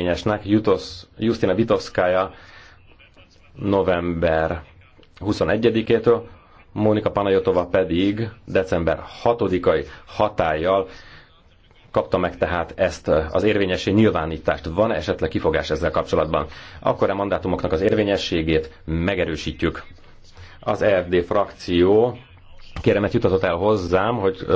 érvényesnek. Justina Vitovskaya november 21-től, Mónika Panajotova pedig december 6-ai hatállyal kapta meg tehát ezt az érvényesség nyilvánítást. Van -e esetleg kifogás ezzel kapcsolatban? Akkor a mandátumoknak az érvényességét megerősítjük. Az EFD frakció kéremet jutatott el hozzám, hogy